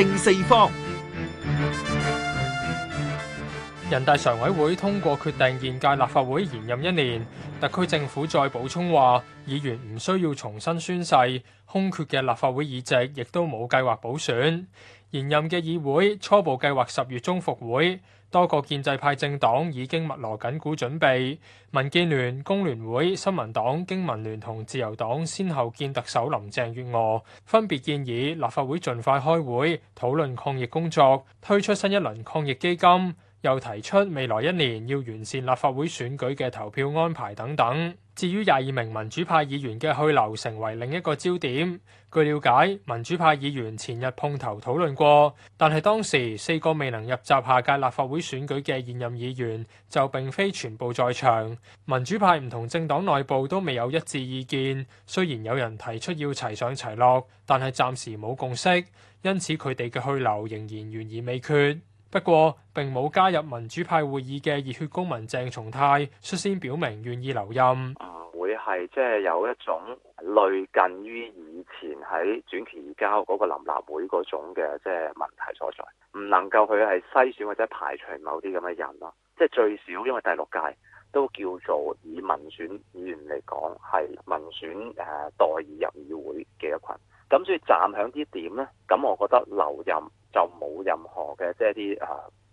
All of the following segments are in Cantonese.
正四方，人大常委會通過決定，現屆立法會延任一年。特區政府再補充話，議員唔需要重新宣誓，空缺嘅立法會議席亦都冇計劃補選。現任嘅議會初步計劃十月中復會，多個建制派政黨已經密鑼緊鼓準備。民建聯、工聯會、新民黨、經民聯同自由黨，先後見特首林鄭月娥，分別建議立法會盡快開會討論抗疫工作，推出新一輪抗疫基金，又提出未來一年要完善立法會選舉嘅投票安排等等。至於廿二名民主派議員嘅去留，成為另一個焦點。據了解，民主派議員前日碰頭討論過，但係當時四個未能入閘下屆立法會選舉嘅現任議員就並非全部在場。民主派唔同政黨內部都未有一致意見，雖然有人提出要齊上齊落，但係暫時冇共識，因此佢哋嘅去留仍然懸而未決。不過並冇加入民主派會議嘅熱血公民鄭松泰率先表明願意留任。啊，會係即係有一種類近於以前喺轉期移交嗰個臨立會嗰種嘅即係問題所在，唔能夠去係篩選或者排除某啲咁嘅人咯。即係最少因為第六屆都叫做以民選議員嚟講係民選誒代議任議會嘅一群。咁所以站響啲點咧，咁我覺得留任就。冇任何嘅即係啲誒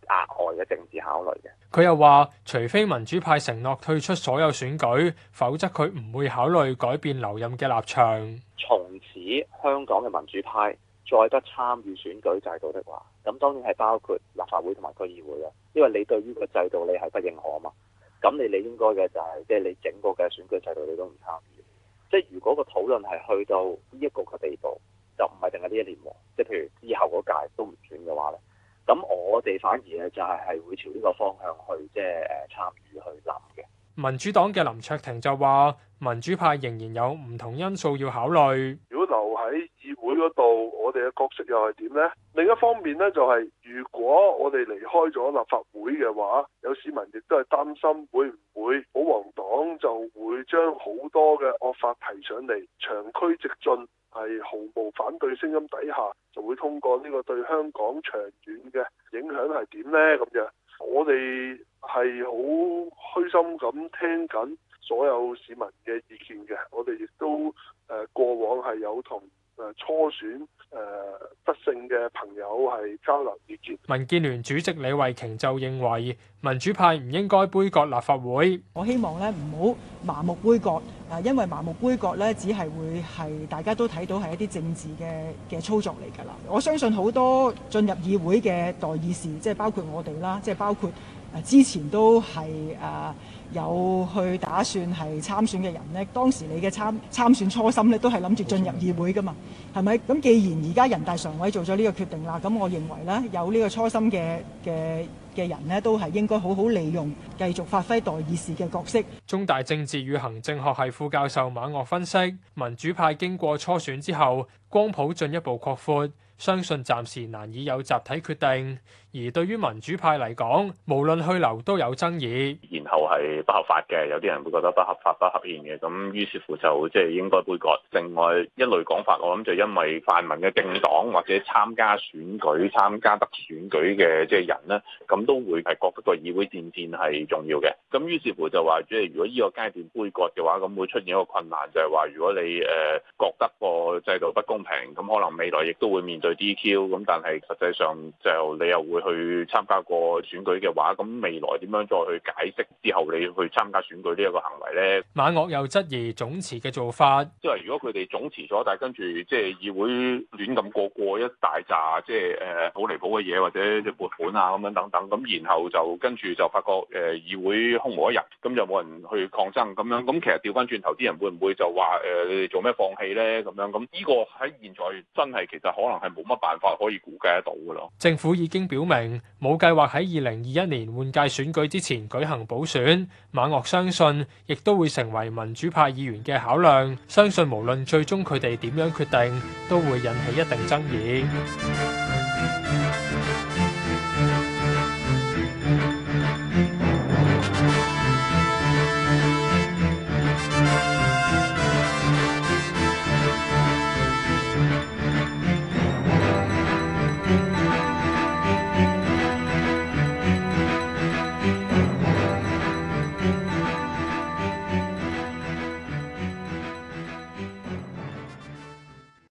額外嘅政治考慮嘅。佢又話，除非民主派承諾退出所有選舉，否則佢唔會考慮改變留任嘅立場，從此香港嘅民主派再不參與選舉制度的話，咁當然係包括立法會同埋區議會啦。因為你對於個制度你係不認可啊嘛，咁你你應該嘅就係、是、即係你整個嘅選舉制度你都唔參與，即係如果個討論係去到呢一個嘅地步，就唔係淨係呢一年喎，即係譬如之後嗰屆都唔選嘅話咧，咁我哋反而咧就係係會朝呢個方向去，即係誒參與去諗嘅。民主黨嘅林卓廷就話，民主派仍然有唔同因素要考慮。嘅角色又係點咧？另一方面咧，就係、是、如果我哋離開咗立法會嘅話，有市民亦都係擔心會唔會保皇黨就會將好多嘅惡法提上嚟，長驅直進，係毫無反對聲音底下就會通過呢個對香港長遠嘅影響係點咧？咁樣，我哋係好虛心咁聽緊所有市民嘅意見嘅，我哋亦都誒、呃、過往係有同誒初選。朋友係交流意見。民建聯主席李慧瓊就認為民主派唔應該杯葛立法會。我希望咧，唔好盲目杯葛，啊，因為盲目杯葛咧，只係會係大家都睇到係一啲政治嘅嘅操作嚟㗎啦。我相信好多進入議會嘅代議士，即係包括我哋啦，即係包括之前都係啊。有去打算係參選嘅人呢，當時你嘅參參選初心呢，都係諗住進入議會噶嘛，係咪像？咁既然而家人大常委做咗呢個決定啦，咁我認為呢，有呢個初心嘅嘅嘅人呢，都係應該好好利用，繼續發揮代議士嘅角色。中大政治與行政學系副教授馬岳分析，民主派經過初選之後，光譜進一步擴闊，相信暫時難以有集體決定。而對於民主派嚟講，無論去留都有爭議，然後係不合法嘅，有啲人會覺得不合法、不合憲嘅。咁於是乎就即係應該杯葛。另外一類講法，我諗就因為泛民嘅政黨或者參加選舉參加得選舉嘅即係人咧，咁都會係覺得個議會戰線係重要嘅。咁於是乎就話即係如果呢個階段杯葛嘅話，咁會出現一個困難，就係、是、話如果你誒、呃、覺得個制度不公平，咁可能未來亦都會面對 DQ。咁但係實際上就你又會。去參加過選舉嘅話，咁未來點樣再去解釋之後你去參加選舉呢一個行為呢，馬嶽又質疑總辭嘅做法，即係如果佢哋總辭咗，但係跟住即係議會亂咁過過一大揸，即係誒好離譜嘅嘢，或者即撥款啊咁樣等等，咁然後就跟住就發覺誒、呃、議會空無一日，咁就冇人去抗爭咁樣，咁其實調翻轉頭啲人會唔會就話誒、呃、你哋做咩放棄呢？咁樣咁呢、這個喺現在真係其實可能係冇乜辦法可以估計得到嘅咯。政府已經表明。冇計劃喺二零二一年換屆選舉之前舉行補選，馬嶽相信亦都會成為民主派議員嘅考量。相信無論最終佢哋點樣決定，都會引起一定爭議。